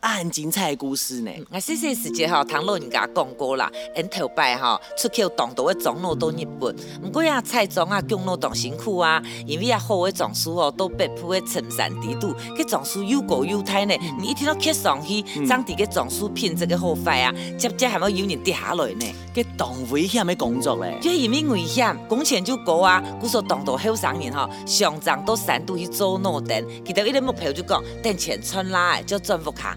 啊，很精彩的故事呢！我細細時節吼，唐老人家講過啦，因頭擺吼出口當道嘅種羅到日本，不過呀，栽種啊，種羅當辛苦啊，因為啊，好嘅種樹吼，都北坡嘅深山裏度，佮種樹又高又大呢。你一天到黑上去，長哋嘅種樹，品質個好快啊，接着還冇有人跌下來呢。佮、嗯、當危險咩工作嘞？就因為危險，工錢就高啊。古說當道後生人吼，上山到山度去做羅燈，佢哋伊個目標就講掙錢穿拉來，叫福卡。